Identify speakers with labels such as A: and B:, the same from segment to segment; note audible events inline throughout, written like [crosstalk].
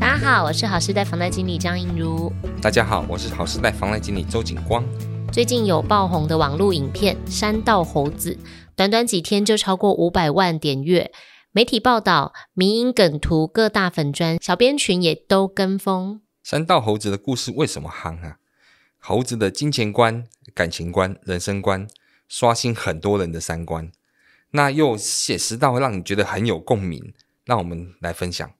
A: 大家好，我是好事貸房貸經理張映如。
B: 大家好，我是好事貸房貸經理周景光。
A: 最近有爆紅的網絡影片《山道猴子》，短短幾天就超過五百萬點閱。媒體報道，迷因梗圖、各大粉專、小編群也都跟風。
B: 山道猴子的故事為什麼夯啊？猴子的金錢觀、感情觀、人生觀，刷新很多人的三觀。那又寫實到讓你覺得很有共鳴，那我們來分享。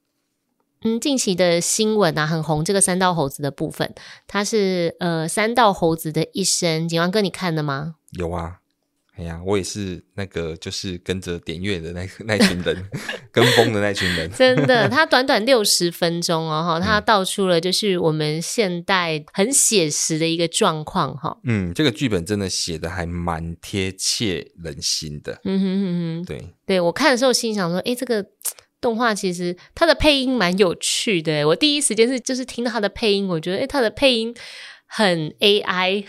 A: 嗯，近期的新聞啊，很紅這個山道猴子的部分，它是呃山道猴子的一生，景王哥，你看了嗎？
B: 有啊。哎呀，我也是那個，就是跟着點閱的那那群人， [laughs] 跟風的那群人。真的，他
A: 短短六十分鐘哦， [laughs] 他道出了就是我們現代很寫實的一個狀況哦，哈。嗯，
B: 這個劇本真的寫的還蠻貼切人心的。嗯
A: 哼哼哼，對對，我看的時候，心想說，哎，這個動畫其實它的配音蠻有趣的。我第一時間是就是聽到他的配音，我覺得誒，哎，他的配音。很 AI，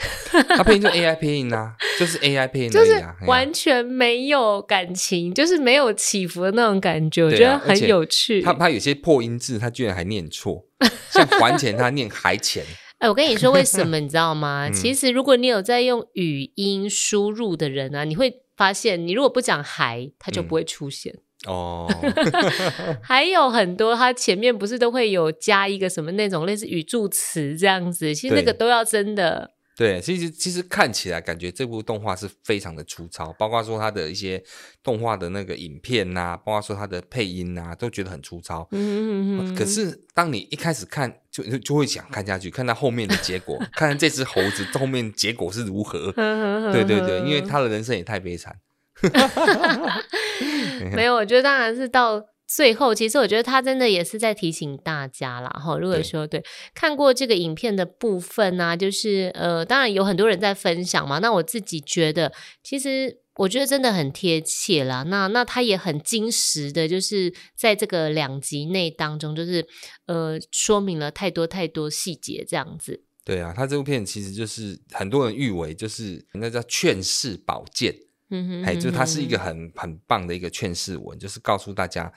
A: 它 [laughs] 配音
B: 就 AI 配音吶、啊，就是 AI 配音、啊，就是完
A: 全沒有感情， [laughs] 就是沒有起伏的那種感覺，我覺得很有
B: 趣。啊、他他有些破音字，他居然還念錯， [laughs] 像還錢他還念還錢。哎
A: [laughs] 欸，我跟你說為什麼，你知道嗎？ [laughs] 其實如果你有在用語音輸入的人啊，你會發現，你如果不講還，他就不會出現。嗯哦，oh. [laughs] [laughs] 還有很多，他前面不是都會有加一個什麼那種類似語助詞這樣子，其實那個都要真的。
B: 對，對，其實其實看起來感覺這部動畫是非常的粗糙，包括說他的一些動畫的那個影片吶、啊，包括說他的配音吶、啊，都覺得很粗糙。嗯哼哼哼。可是當你一開始看，就就會想看下去，看到後面的結果， [laughs] 看看這只猴子後面結果是如何？ [laughs] 對，對對對，因為他的人生也太悲慘。
A: [laughs] [laughs] 沒有， [noise] 我覺得當然是到最後，其實我覺得他真的也是在提醒大家啦哈。如果說對，對看過這個影片的部分啊，就是呃，當然有很多人在分享嘛。那我自己覺得，其實我覺得真的很貼切啦。那那他也很精實的，就是在這個兩集內當中，就是呃，說明了太多太多細節這樣子。
B: 對啊，他這部片其實就是很多人譽為就是那叫勸世寶劍。嗯哼，哎，就是它是一個很 [noise] 很棒的一個勸世文，就是告訴大家。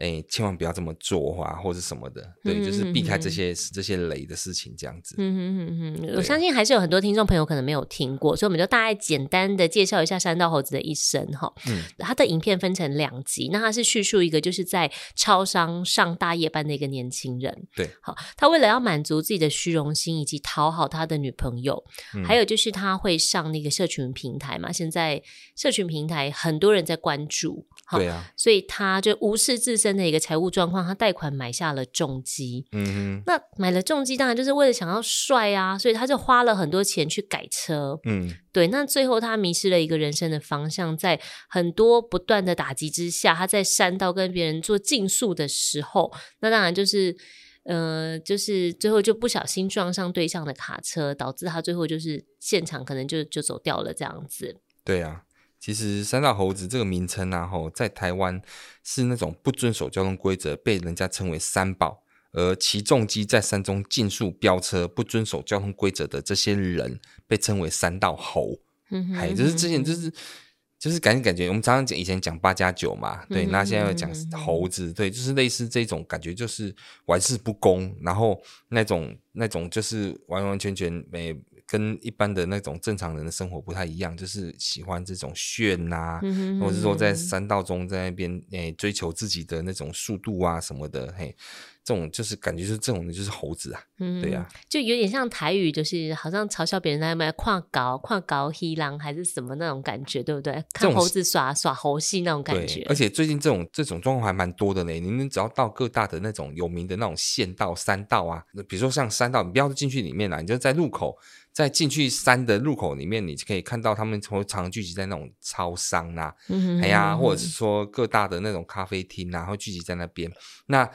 B: 哎、欸，千萬不要這麼做啊，或者什麼的，嗯、哼哼對，就是避開這些這些雷的事情，這樣子。
A: 嗯嗯嗯嗯，啊、我相信還是有很多聽眾朋友可能沒有聽過，所以我們就大概簡單的介紹一下山道猴子的一生哈。嗯。他的影片分成兩集，那他是敘述一個就是在超商上大夜班的一個年輕人。對。好，他為了要滿足自己的虛榮心以及討好他的女朋友，嗯、還有就是他會上那個社群平台嘛，現在社群平台很多人在關注。對啊。所以他就無視自身。的一個財務狀況，他貸款買下了重機。嗯哼那買了重機，當然就是為了想要帥啊，所以他就花了很多錢去改車。嗯，對。那最後他迷失了一個人生的方向，在很多不斷的打擊之下，他在山道跟別人做競速的時候，那當然就是，呃，就是最後就不小心撞上對向的卡車，導致他最後就是現場可能就就走掉了這樣子。
B: 對啊。其實“山道猴子”這個名稱然吼，在台灣是那種不遵守交通規則，被人家稱為“三寶”，而騎重機在山中競速飆車、不遵守交通規則的這些人，被稱為“山道猴”。嗯哼嗯，還有就是之前就是就是感覺感覺，我們常常講以前講八加九嘛，對，嗯嗯那現在要講猴子，對，就是類似這種感覺，就是玩世不恭，然後那種那種就是完完全全沒。跟一般的那種正常人的生活不太一樣，就是喜歡這種炫吶、啊，嗯嗯或者是說在山道中在那邊誒、欸、追求自己的那種速度啊什麼的，嘿。這種就是感覺，是這種就是猴子啊，嗯、
A: 對呀、啊，就有點像台語，就是好像嘲笑別人在那邊跨高跨高希狼還是什麼那種感覺，對不對？種看猴子耍耍猴戲那種感覺。而
B: 且最近這種這種狀況還蠻多的呢。你們只要到各大的那種有名的那種縣道、山道啊，比如說像山道，你不要進去裡面啊，你就在路口，在進去山的路口裡面，你就可以看到他們常常聚集在那種超商啊，嗯哼嗯哼，哎呀，或者是說各大的那種咖啡廳啊，會聚集在那邊。那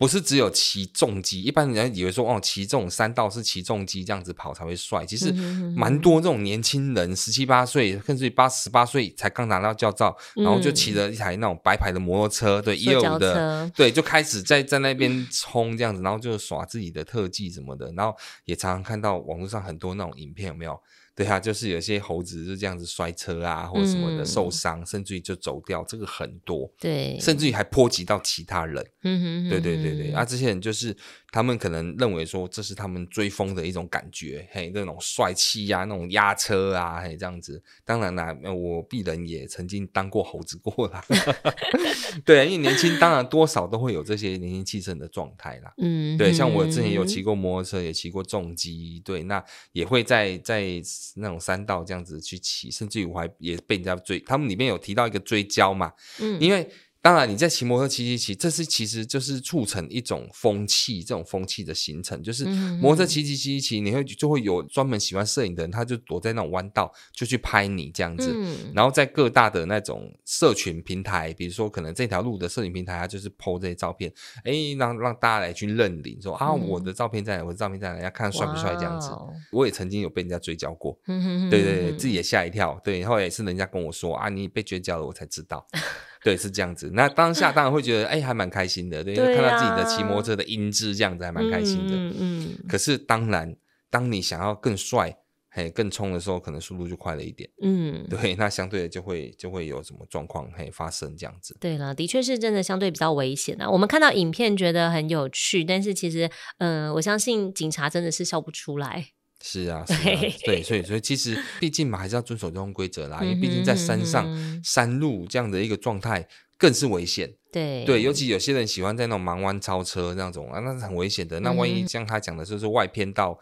B: 不是只有騎重機，一般人以為說哦騎這種山道是騎重機這樣子跑才會帥，其實蠻多這種年輕人十七八歲，甚至於八十八歲才剛拿到駕照，嗯嗯然後就騎着一台那種白牌的摩托車，對，一二五的，對，就開始在在那邊衝這樣子，然後就耍自己的特技什麼的，然後也常常看到網絡上很多那種影片，有沒有？對啊，就是有些猴子就這樣子摔車啊，或者什麼的受傷，嗯、甚至於就走掉，這個很多。對，甚至於還波及到其他人。嗯哼哼，對對對對。啊，這些人就是他們可能認為說這是他們追風的一種感覺，嘿，那種帥氣呀、啊，那種壓車啊，嘿，這樣子。當然啦，我敝人也曾經當過猴子過啦 [laughs] [laughs] 對、啊，因為年輕，當然多少都會有這些年輕氣盛的狀態啦。嗯哼哼，對，像我之前有騎過摩托車，也騎過重機，對，那也會在在。那種山道這樣子去騎，甚至於我還也被人家追，他們裡面有提到一個追焦嘛，嗯，因為。當然，你在騎摩托騎騎騎，這是其實就是促成一種風氣，這種風氣的形成，就是摩托騎騎騎騎騎，你會就會有專門喜歡攝影的人，他就躲在那種彎道就去拍你這樣子。嗯、然後在各大的那種社群平台，比如說可能這條路的攝影平台，他就是 po 這些照片，哎，讓讓大家來去認領，說啊、嗯、我的照片在哪？我的照片在哪？人家看帥不帥？哇這樣子。我也曾經有被人家追焦過，嗯、對對對，自己也嚇一跳。對，後來也是人家跟我說啊，你被追焦了，我才知道。 [laughs] 對，是這樣子。那當下當然會覺得，哎、欸，還蠻開心的，對，對啊、看到自己的騎摩托車的英姿這樣子還蠻開心的。嗯嗯。
C: 嗯，
B: 可是，當然，當你想要更帥、嘿，更衝的時候，可能速度就快了一點。嗯。對，那相對的就會就會有什麼狀況嘿發生，這樣子。
A: 對了，的確是真的，相對比較危險的、啊。我們看到影片覺得很有趣，但是其實，嗯、呃，我相信警察真的是笑不出來。
B: 是啊，是啊，對，對，所以所以其實畢竟嘛，還是要遵守這種規則啦， [laughs] 因為畢竟在山上山路這樣的一個狀態更是危險。對對，尤其有些人喜歡在那種盲彎超車那種啊，那是很危險的。嗯，那萬一像他講的，就是外偏到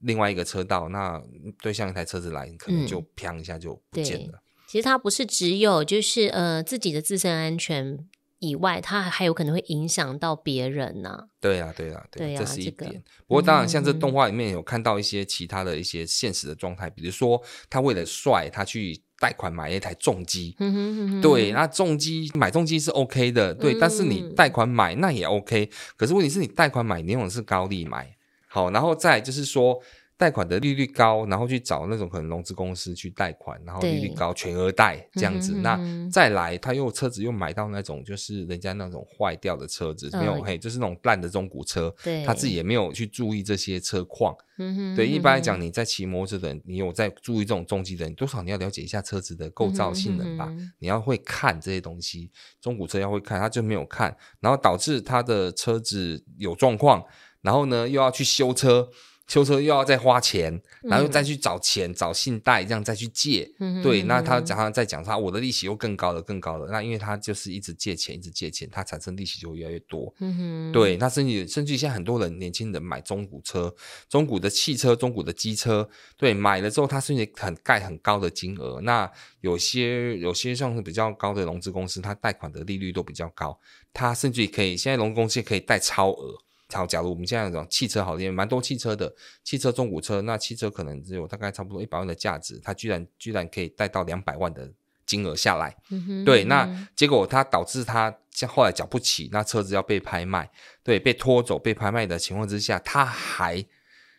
B: 另外一個車道，那對向一台車子來，可能就啪一下就不見了。嗯。
A: 其實它不是只有就是呃自己的自身安全。以外，它還有可能會影響到別人呢、啊。對
B: 啊，對啊，對呀，對啊，這是一點。這個，不過，當然，像這動畫裡面有看到一些其他的一些現實的狀態，嗯嗯嗯，比如說他為了帥，他去貸款買一台重機。嗯
C: 哼、嗯嗯、對，那
B: 重機買重機是 OK 的，對。嗯嗯，但是你貸款買那也 OK，可是問題是你貸款買，你用的是高利買。好，然後再就是說。貸款的利率高，然後去找那種可能融資公司去貸款，然後利率高，對全額貸這樣子。嗯哼嗯哼，那再來他又車子又買到那種就是人家那種壞掉的車子，哦、沒有嘿，就是那種爛的中古車。對他自己也沒有去注意這些車況。嗯哼嗯哼，對，一般來講，你在騎摩托車的人，你有在注意這種重機的人，多少你要了解一下車子的構造性能吧，嗯哼嗯哼，你要會看這些東西。中古車要會看，他就沒有看，然後導致他的車子有狀況，然後呢又要去修車。修車又要再花錢，然後再去找錢、嗯、找信貸，這樣再去借。嗯嗯對，那他講他再講他，我的利息又更高了，更高了。那因為他就是一直借錢、一直借錢，他產生利息就越來越多。嗯、哼對，那甚至甚至現在很多人、年輕人買中古車、中古的汽車、中古的機車，對，買了之後他甚至很蓋很高的金額。那有些有些像是比較高的融資公司，他貸款的利率都比較高，他甚至可以現在融資公司可以貸超額。好，假如我們現在講汽車好，好，因為蠻多汽車的，汽車、中古車，那汽車可能只有大概差不多一百萬的價值，它居然居然可以貸到兩百萬的金額下來。嗯哼對，嗯哼那結果它導致它後來繳不起，那車子要被拍賣，對，被拖走、被拍賣的情況之下，他還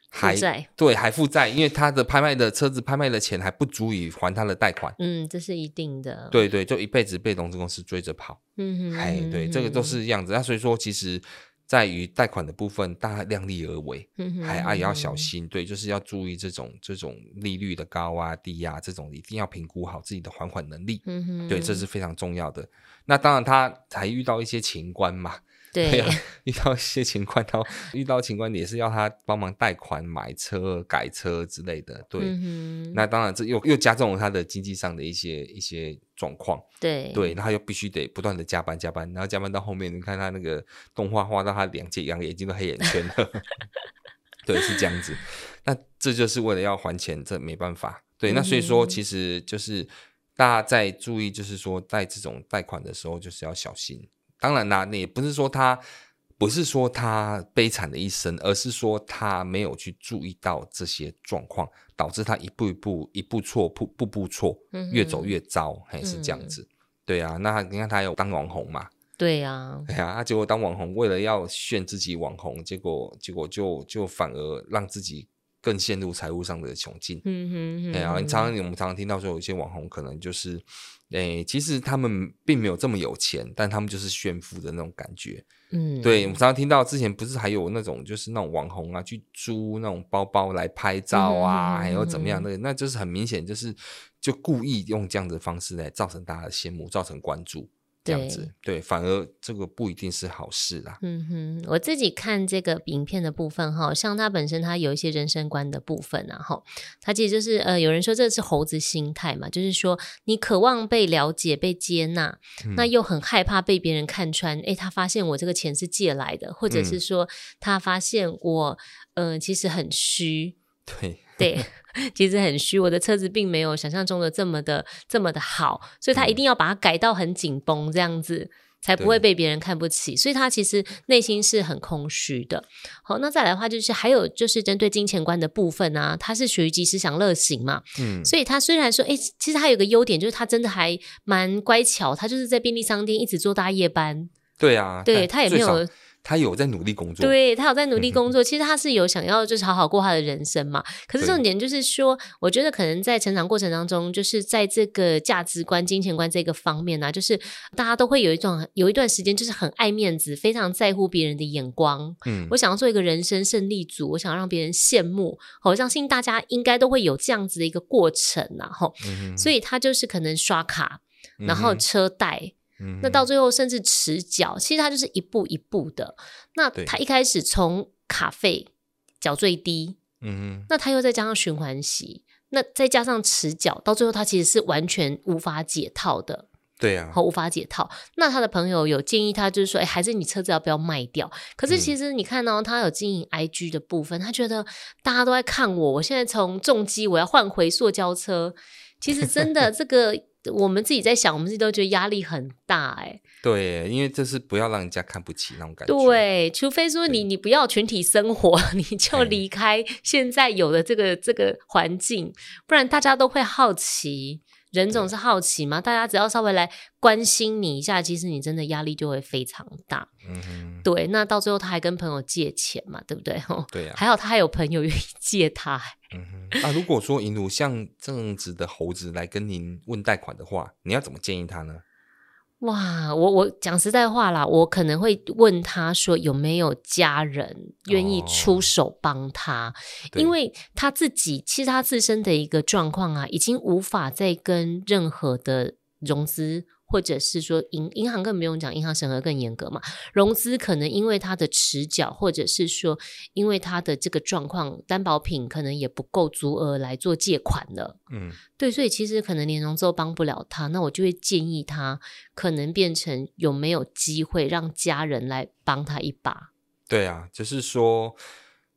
B: 還負債對，還負債，因為他的拍賣的車子拍賣的錢還不足以還他的貸款。
A: 嗯，這是一定的。對
B: 對，就一輩子被融資公司追着跑。嗯哼，對，嗯、哼這個都是樣子。那所以說，其實。在於貸款的部分，大家量力而為，還也要小心， [music] 對，就是要注意這種這種利率的高啊、低啊，這種一定要評估好自己的還款能力， [music] 對，這是非常重要的。那當然，他還遇到一些情關嘛。對，遇到一些情況，然後遇到情況也是要他幫忙貸款買車、改車之類的。對，嗯、哼那當然這又又加重了他的經濟上的一些一些狀況。對對，那他又必須得不斷的加班加班，然後加班到後面，你看他那個動畫畫到他兩隻眼睛都黑眼圈了。 [laughs] 對，是這樣子。那這就是為了要還錢，這沒辦法。對，那所以說其實就是大家在注意，就是說在這種貸款的時候，就是要小心。當然啦，你也不是說他，不是說他悲慘的一生，而是說他沒有去注意到這些狀況，導致他一步一步，一步錯，步步步錯，越走越糟，還、嗯、哼是這樣子。嗯、對啊，那你看他有當網紅嘛？
A: 對呀、啊，對
B: 呀、啊，他結果當網紅，為了要炫自己網紅，結果結果就就反而讓自己更陷入財務上的窘境。嗯
A: 哼,嗯哼，哎呀、啊，你常
B: 常你我們常常聽到說，有一些網紅可能就是。哎、欸，其實他們並沒有這麼有錢，但他們就是炫富的那種感覺。嗯，對，我們常常聽到之前不是還有那種就是那種網紅啊，去租那種包包來拍照啊，嗯嗯嗯嗯還有怎麼樣的，那就是很明顯就是就故意用這樣的方式來造成大家的羨慕，造成關注。這樣子，對，對，反而這個不一定是好事啦。嗯
A: 哼，我自己看這個影片的部分哈，像他本身他有一些人生觀的部分啊哈，他其實就是呃，有人說這是猴子心態嘛，就是說你渴望被了解、被接納，嗯、那又很害怕被別人看穿。哎、欸，他發現我這個錢是借來的，或者是說他發現我、嗯、呃，其實很虛。對。 [laughs] 對，其實很虛，我的車子並沒有想象中的這麼的這麼的好，所以他一定要把它改到很緊繃這樣子，嗯、才不會被別人看不起。對所以他其實內心是很空虛的。好，那再來的話就是還有就是針對金錢觀的部分啊，他是屬於及時享樂型嘛，嗯、所以他雖然說，哎、欸，其實他有個優點就是他真的還蠻乖巧，他就是在便利商店一直做大夜班，
B: 對啊，對，但他也沒有。他有在努力工作，對，
A: 他有在努力工作。嗯、哼其實他是有想要就是好好過他的人生嘛。可是重點就是說，以我覺得可能在成長過程當中，就是在這個價值觀、金錢觀這個方面呢、啊，就是大家都會有一種有一段時間，就是很愛面子，非常在乎別人的眼光。嗯，我想要做一個人生勝利組，我想要讓別人羨慕。我相信大家應該都會有這樣子的一個過程，然、啊、後、嗯、哼所以他就是可能刷卡，然後車貸。嗯那到最後甚至遲繳，其實他就是一步一步的。那他一開始從卡費繳最低，嗯對，那他又再加上循環息，那再加上遲繳，到最後他其實是完全無法解套的。
C: 對呀、啊，和
A: 無法解套。那他的朋友有建議他，就是說，哎、欸，還是你車子要不要賣掉？可是其實你看哦、喔，他有經營 IG 的部分，他覺得大家都在看我，我現在從重機我要換回塑膠車，其實真的這個。 [laughs] 我們自己在想，我們自己都覺得壓力很大哎、欸。
B: 對，因為這是不要讓人家看不起那種感覺。
A: 對，除非說你對你不要群體生活，你就離開現在有的這個、哎、這個環境，不然大家都會好奇。人總是好奇嘛，對大家只要稍微來關心你一下，其實你真的壓力就會非常大。嗯
B: 哼，對，
A: 那到最後他還跟朋友借錢嘛，對不對？對呀、啊，還好他還有朋友願意借他。嗯哼，
B: 那、啊、如果說銀奴像這樣子的猴子來跟您問貸款的話， [laughs] 你要怎麼建議他呢？
A: 哇，我我講實在話啦，我可能會問他說有沒有家人願意出手幫他，哦、因為他自己其實他自身的一個狀況啊，已經無法再跟任何的融資或者是說，銀銀行更不用講，銀行審核更嚴格嘛。融資可能因為他的遲繳，或者是說因為他的這個狀況，擔保品可能也不夠足額來做借款了。嗯，對，所以其實可能連融資都幫不了他，那我就會建議他，可能變成有沒有機會讓家人來幫他一把。
B: 對啊，就是說。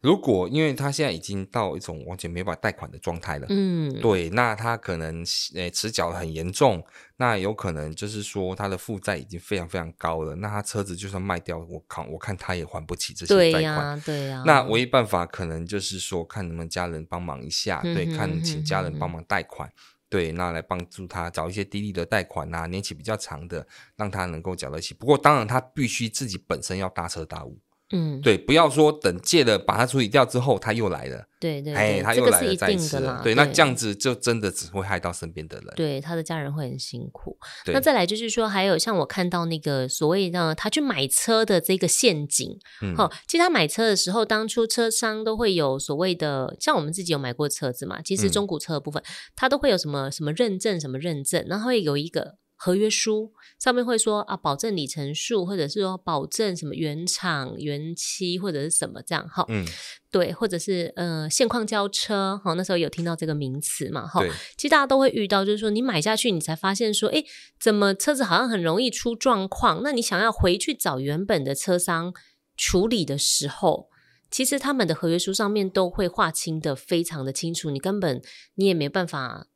B: 如果因為他現在已經到一種完全沒辦法貸款的狀態了，嗯，對，那他可能呃欸、遲繳很嚴重，那有可能就是說他的負債已經非常非常高了，那他車子就算賣掉，我靠，我看他也還不起這些貸款，對呀啊，對啊。那唯一辦法可能就是說看能不能家人幫忙一下，嗯哼嗯哼對，看能請家人幫忙貸款，嗯哼嗯哼對，那來幫助他找一些低利的貸款啊，年期比較長的，讓他能夠繳得起。不過當然他必須自己本身要大徹大悟。嗯，對，不要說等借了，把它處理掉之後，他又來了。對，對對，哎、欸，他又來了再一，再一次。對，對，那這樣子就真的只會害到身邊的人。
A: 對，他的家人會很辛苦。對那再來就是說，還有像我看到那個所謂的他去買車的這個陷阱。嗯對。好、哦，其實他買車的時候，當初車商都會有所謂的，像我們自己有買過車子嘛，其實中古車的部分，嗯、他都會有什麼什麼認證，什麼認證，然後會有一個。合約書上面會說啊，保證里程數，或者是說保證什麼原廠原漆，或者是什麼這樣哈，嗯、對，或者是呃現況交車哈，那時候有聽到這個名詞嘛哈。對其實大家都會遇到，就是說你買下去，你才發現說，哎、欸，怎麼車子好像很容易出狀況？那你想要回去找原本的車商處理的時候，其實他們的合約書上面都會劃清的非常的清楚，你根本你也沒辦法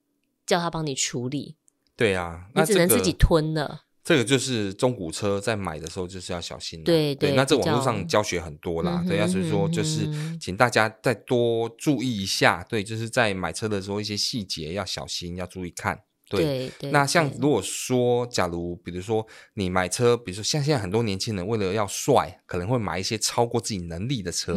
A: 叫他幫你處理。對呀、啊，
B: 那、這個、只能自己吞了。這個就是中古車在買的時候就是要小心的。對對，對，對，那這網絡上教學很多啦，嗯哼嗯哼對呀、啊，所以說就是請大家再多注意一下。嗯哼嗯哼對，就是在買車的時候一些細節要小心，要注意看。對對，對，對，那像如果說，假如比如說你買車，比如說像現在很多年輕人為了要帥，可能會買一些超過自己能力的車，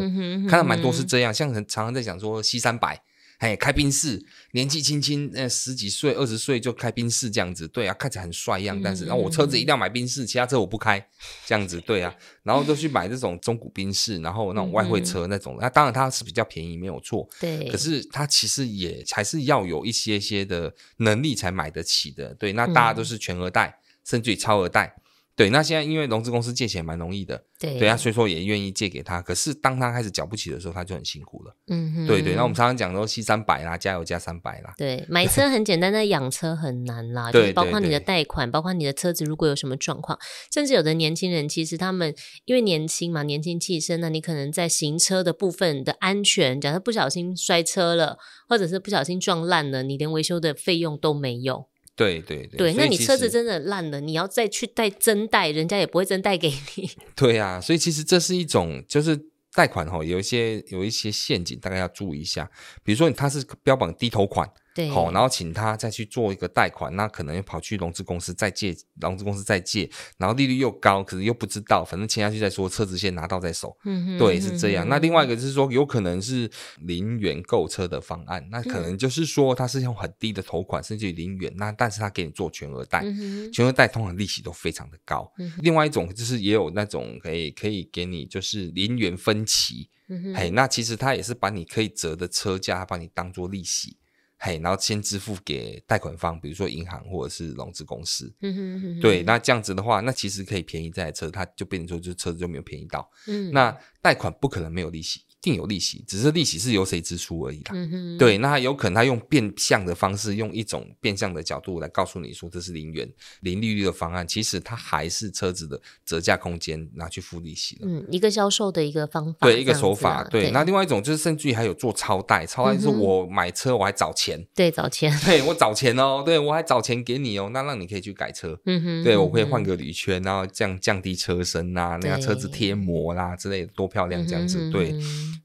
B: 看到蠻多是這樣。像常常在講說，C 三百。哎，開賓士，年紀輕輕，呃，十幾歲、二十歲就開賓士這樣子，對啊，看起來很帥樣。但是，嗯、然後我車子一定要買賓士，嗯、其他車我不開，這樣子，對啊。然後就去買這種中古賓士，嗯、然後那種外匯車那種，嗯、那當然它是比較便宜，沒有錯。對。可是它其實也還是要有一些些的能力才買得起的，對。那大家都是全額貸，嗯、甚至於超額貸。對，那現在因為融資公司借錢蠻容易的，對對啊，所以說也願意借給他。可是當他開始繳不起的時候，他就很辛苦了。嗯哼嗯，對對。那我們常常講說，加三百啦，加油加三百啦。
A: 對，買車很簡單，但 [laughs] 養車很難啦。對、就是、包括你的貸款，包括你的車子，如果有什麼狀況，甚至有的年輕人，其實他們因為年輕嘛，年輕氣盛，那你可能在行車的部分的安全，假設不小心摔車了，或者是不小心撞爛了，你連維修的費用都沒有。
B: 對對對，那對你車子真
A: 的爛了，你要再去貸真貸，人家也不會真貸給你。
B: 對啊，所以其實這是一種，就是貸款齁，有一些有一些陷阱，大家要注意一下。比如說，它是標榜低頭款。對、哦，然後請他再去做一個貸款，那可能又跑去融資公司再借，融資公司再借，然後利率又高，可是又不知道，反正簽下去再說，車子先拿到再手。嗯哼，對，是這樣。嗯、哼那另外一個就是說，有可能是零元購車的方案，那可能就是說他是用很低的頭款，嗯、哼甚至於零元，那但是他給你做全額貸，嗯、哼全額貸通常利息都非常的高。嗯、哼另外一種就是也有那種可以可以給你就是零元分期，哎、嗯哼，那其實他也是把你可以折的車價，他把你當做利息。嘿，hey, 然後先支付給貸款方，比如說銀行或者是融資公司。嗯 [music] 對，那這樣子的話，那其實可以便宜這台車，它就變成說，這車子就沒有便宜到。嗯。 [music] 那貸款不可能沒有利息。定有利息，只是利息是由誰支出而已啦。對，那他有可能他用變相的方式，用一種變相的角度來告訴你說，這是零元零利率的方案，其實他還是車子的折價空間拿去付利息
A: 了。嗯，一個銷售的一個方法，對，一個手法。對，那
B: 另外一種就是，甚至於還有做超貸，超貸就是我買車我還找錢，
A: 對，找錢，
B: 對我找錢哦，對我還找錢給你哦，那讓你可以去改車，嗯
A: 哼，對我可以
B: 換個鋁圈，然後這樣降低車身啦，那個車子貼膜啦之類的，多漂亮這樣子，對。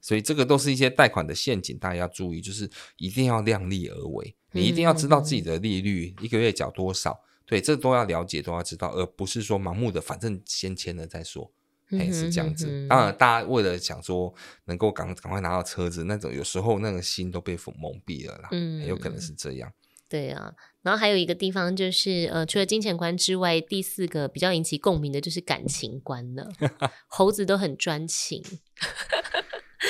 B: 所以這個都是一些貸款的陷阱，大家要注意，就是一定要量力而為。你一定要知道自己的利率，嗯、一個月繳多少，嗯 okay. 對，這都要了解，都要知道，而不是說盲目的，反正先簽了再說，
A: 嗯、是這樣子。嗯嗯、當然，
B: 大家為了想說能夠趕趕快拿到車子，那種有時候那個心都被蒙蔽了啦，嗯，很有可能是這樣。
A: 對啊，然後還有一個地方就是，呃，除了金錢觀之外，第四個比較引起共鳴的就是感情觀了。 [laughs] 猴子都很專情。 [laughs]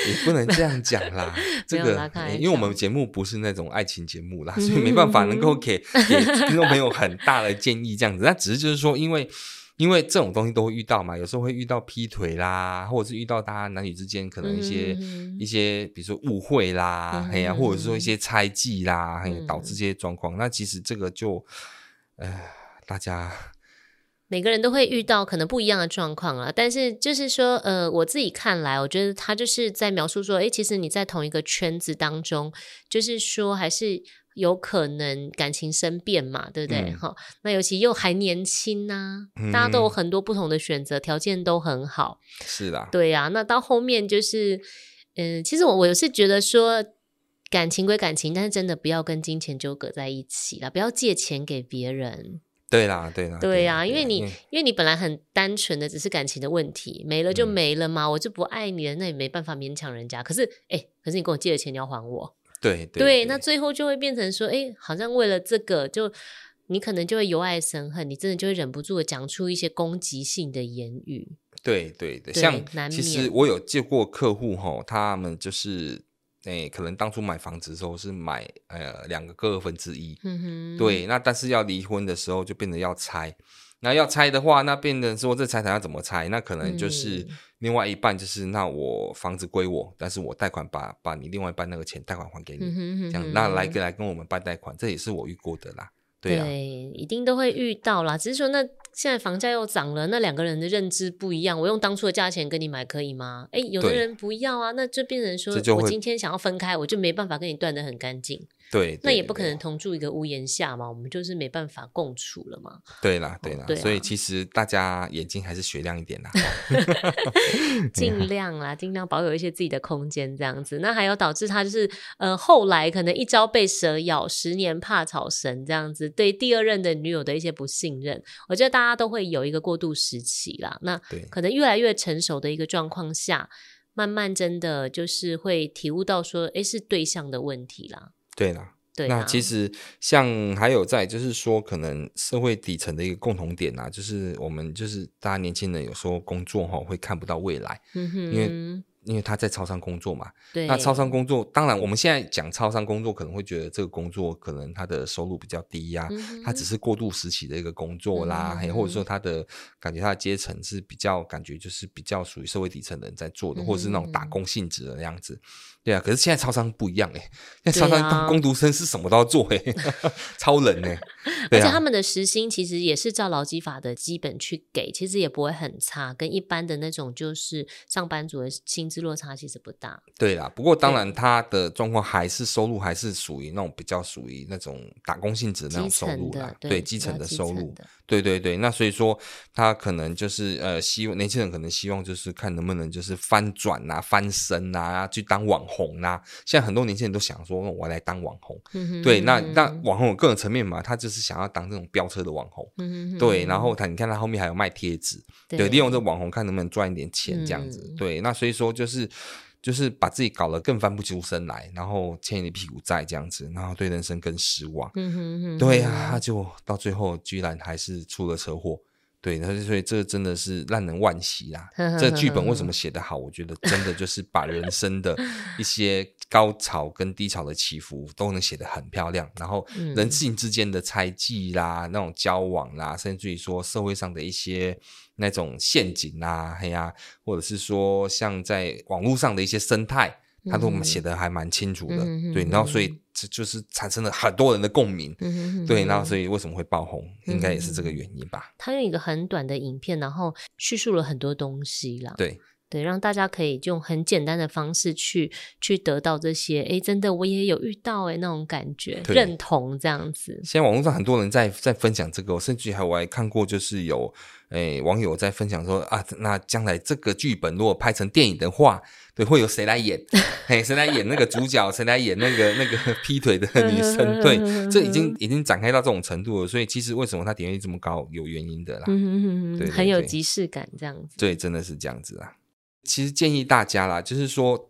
B: 也不能這樣講啦， [laughs] 這個、欸、因為我們節目不是那種愛情節目啦，嗯、哼所以沒辦法能夠給給聽眾朋友很大的建議這樣子。 [laughs] 那只是就是說，因為因為這種東西都會遇到嘛，有時候會遇到劈腿啦，或者是遇到大家男女之間可能一些、嗯、哼一些，比如說誤會啦，呀、嗯哼啊，或者說一些猜忌啦，嗯、哼導致這些狀況。嗯、哼那其實這個就，呃，大家。
A: 每個人都會遇到可能不一樣的狀況啊，但是就是說，呃，我自己看來，我覺得他就是在描述說，哎，其實你在同一個圈子當中，就是說還是有可能感情生變嘛，對不對？哈、嗯哦，那尤其又還年輕呢、啊，大家都有很多不同的選擇，嗯、條件都很好，是的啦，對呀、啊。那到後面就是，嗯、呃，其實我我是覺得說，感情歸感情，但是真的不要跟金錢糾葛在一起了，不要借錢給別人。
B: 對啦，對啦，對呀、啊，對啊、因為你因為，
A: 因為你本來很單純的，只是感情的問題，沒了就沒了嘛，嗯、我就不愛你了，那也沒辦法勉強人家。可是，哎、欸，可是你跟我借了錢，你要還我，
C: 對對，
A: 那最後就會變成說，哎、欸，好像為了這個，就你可能就會由愛生恨，你真的就會忍不住地講出一些攻擊性的言語。
B: 對對對，像難免其實我有借過客戶吼、哦，他們就是。欸、可能當初買房子的時候是買呃兩個各二分之一，嗯、哼對，那但是要離婚的時候就變成要拆，那要拆的話，那變成說這財產要怎麼拆？那可能就是另外一半就是、嗯、哼那我房子歸我，但是我貸款把把你另外一半那個錢貸款還給你，嗯哼嗯哼這樣那來個來跟我們辦貸款，這也是我遇過的啦，對啊
A: 對，一定都會遇到啦，只是說那。現在房價又漲了，那兩個人的認知不一樣，我用當初的價錢跟你買可以嗎？誒，有的人不要啊，對那就變成說，哦，我今天想要分開，我就沒辦法跟你斷的很乾淨。對，對對對對啊，那也不可能同住一個屋檐下嘛，我們就是沒辦法共處了嘛。
B: 對啦，對啦，哦、對啦，所以其實大家眼睛還是雪亮一點啦，
A: 儘 [laughs] 量啦，儘量保有一些自己的空間，這樣子。啊，那還有導致他就是呃，後來可能一朝被蛇咬，十年怕草繩，這樣子，對第二任的女友的一些不信任，我覺得大家都會有一個過渡時期啦。那可能越來越成熟的一個狀況下，慢慢真的就是會體悟到說，誒、欸、是對象的問題啦。
B: 對啦，對啊、那其實像還有在，就是說可能社會底層的一個共同點啦、啊，就是我們就是大家年輕人有時候工作吼會看不到未來，
C: 嗯、哼因為。
B: 因為他在超商工作嘛，對那超商工作，當然我們現在講超商工作，可能會覺得這個工作可能他的收入比較低呀、啊，嗯、他只是過渡時期的一個工作啦，嗯、或者說他的感覺他的階層是比較感覺就是比較屬於社會底層的人在做的，嗯、或者是那種打工性質的樣子，嗯、對啊。可是現在超商不一樣哎、欸，現在超商工讀生是什麼都要做哎、欸，啊、 [laughs] 超人哎、欸，啊、而且他
A: 們的時薪其實也是照勞基法的基本去給，其實也不會很差，跟一般的那種就是上班族的薪。之落差其實不大，
B: 對啦。不過當然，他的狀況還是收入還是屬於那種比較屬於那種打工性質的那種收入啦，對，基層的收入。對對對，那所以說他可能就是呃，希望年輕人可能希望就是看能不能就是翻轉啊、翻身啊，去當網紅啊。現在很多年輕人都想說，我來當網紅。嗯嗯對，那那網紅有各個層面嘛，他就是想要當這種飆車的網紅。嗯嗯對，然後他你看他後面還有賣貼紙，對，對利用這網紅看能不能賺一點錢這樣子。嗯、對，那所以說就是。就是把自己搞得更翻不出身來，然後欠一屁股債這樣子，然後對人生更失望。
C: 嗯 [laughs] 對啊，他
B: 就到最後居然還是出了車禍。對，所以這個真的是讓人惋惜啦。 [laughs] 這劇本為什麼寫得好？ [laughs] 我覺得真的就是把人生的一些高潮跟低潮的起伏都能寫得很漂亮。然後人性之間的猜忌啦，嗯、那種交往啦，甚至於說社會上的一些那種陷阱啦、啊，嘿呀、啊，或者是說像在網絡上的一些生態。他都寫得還蠻清楚的，嗯、哼對，嗯、哼然後所以這就是產生了很多人的共鳴，嗯、哼對，嗯、哼然後所以為什麼會爆紅，嗯、哼應該也是這個原因吧、嗯？
A: 他用一個很短的影片，然後敘述了很多東西啦，對。對，讓大家可以用很簡單的方式去去得到這些。誒真的，我也有遇到誒那種感覺，對認同這樣
B: 子。現在網絡上很多人在在分享這個、哦，我甚至還我還看過，就是有誒網友在分享說啊，那將來這個劇本如果拍成電影的話，對，會有誰來演？哎， [laughs] 誰來演那個主角？ [laughs] 誰來演那個那個劈腿的女生？對，這 [laughs] 已經已經展開到這種程度了。所以其實為什麼他點閱率這麼高，有原因的啦。嗯嗯嗯嗯，很有即
A: 視感這樣
B: 子。對，真的是這樣子啦。其實建議大家啦，就是說，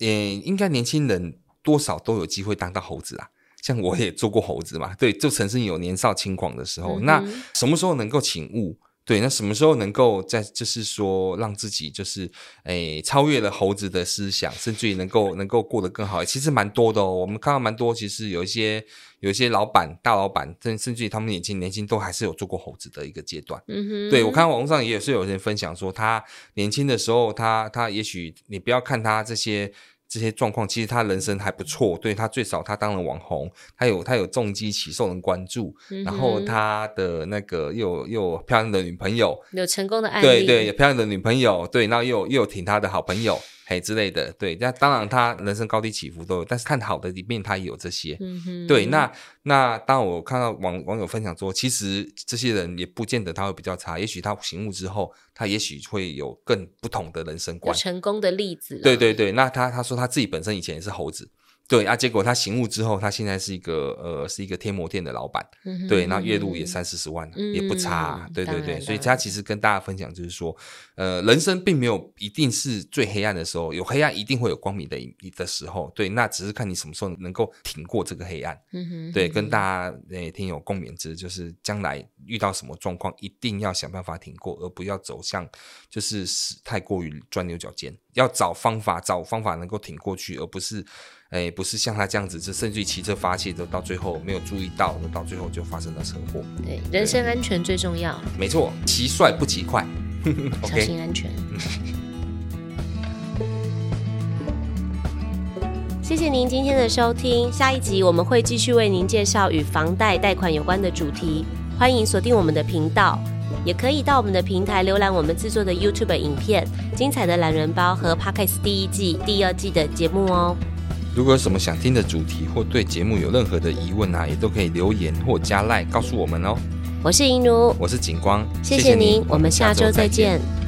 B: 嗯，應該年輕人多少都有機會當到猴子啊。像我也做過猴子嘛，對，就曾經有年少輕狂的時候。嗯、那什麼時候能夠醒悟？對，那什麼時候能夠在就是說讓自己就是誒、欸、超越了猴子的思想，甚至於，能夠能夠過得更好？其實蠻多的哦，我們看到蠻多，其實有一些有一些老闆、大老闆，甚甚至於他們年輕年輕都還是有做過猴子的一個階段。嗯、mm
C: hmm. 對，我看
B: 網路上也有時候有人分享說，他年輕的時候他，他他也許你不要看他這些。這些狀況其實他人生還不錯，對，他最少他當了網紅，他有他有重機騎，受人關注，嗯哼，然後他的那個又又漂亮的女朋友，
A: 有成功的案例，對對，對
B: 漂亮的女朋友，對，然後又又有挺他的好朋友。嘿、hey, 之類的，對，那當然他人生高低起伏都有，但是看好的裡面，他也有這些。嗯哼對，那那當我看到網網友分享說，其實這些人也不見得他會比較差，也許他醒悟之後，他也許會有更不同的人生觀，
A: 成功的例子，哦。對
B: 對對，那他他說他自己本身以前也是猴子，對啊，結果他醒悟之後，他現在是一個呃是一個貼膜店的老板，嗯、哼對，那月入也三四十萬，嗯、也不差。嗯、好對對對，然所以他其實跟大家分享就是說。呃，人生並沒有一定是最黑暗的時候，有黑暗一定會有光明的的時候。對，那只是看你什麼時候能夠挺過這個黑暗。嗯哼，對，跟大家誒聽友共勉之，就是將來遇到什麼狀況，一定要想辦法挺過，而不要走向就是太過於鑽牛角尖，要找方法，找方法能夠挺過去，而不是誒、欸、不是像他這樣子，就甚至騎車發洩，都到最後沒有注意到，那到最後就發生了車禍。對，
A: 人身安全最重要。
B: 沒錯，騎帥不騎快。 [laughs] Okay 小心
A: 安全。 [laughs] 謝謝您今天的收聽，下一集我們會繼續為您介紹與房貸貸款有關的主題。歡迎鎖定我們的頻道，也可以到我們的平台瀏覽我們制作的 YouTube 影片、精彩的懶人包和 Podcast 第一季、第二季的節目哦。
B: 如果有什麼想聽的主題，或對節目有任何的疑問啊，也都可以留言或加賴、like、告訴我們哦。我是銀奴，我是景光，謝謝您，我們下周再
C: 見。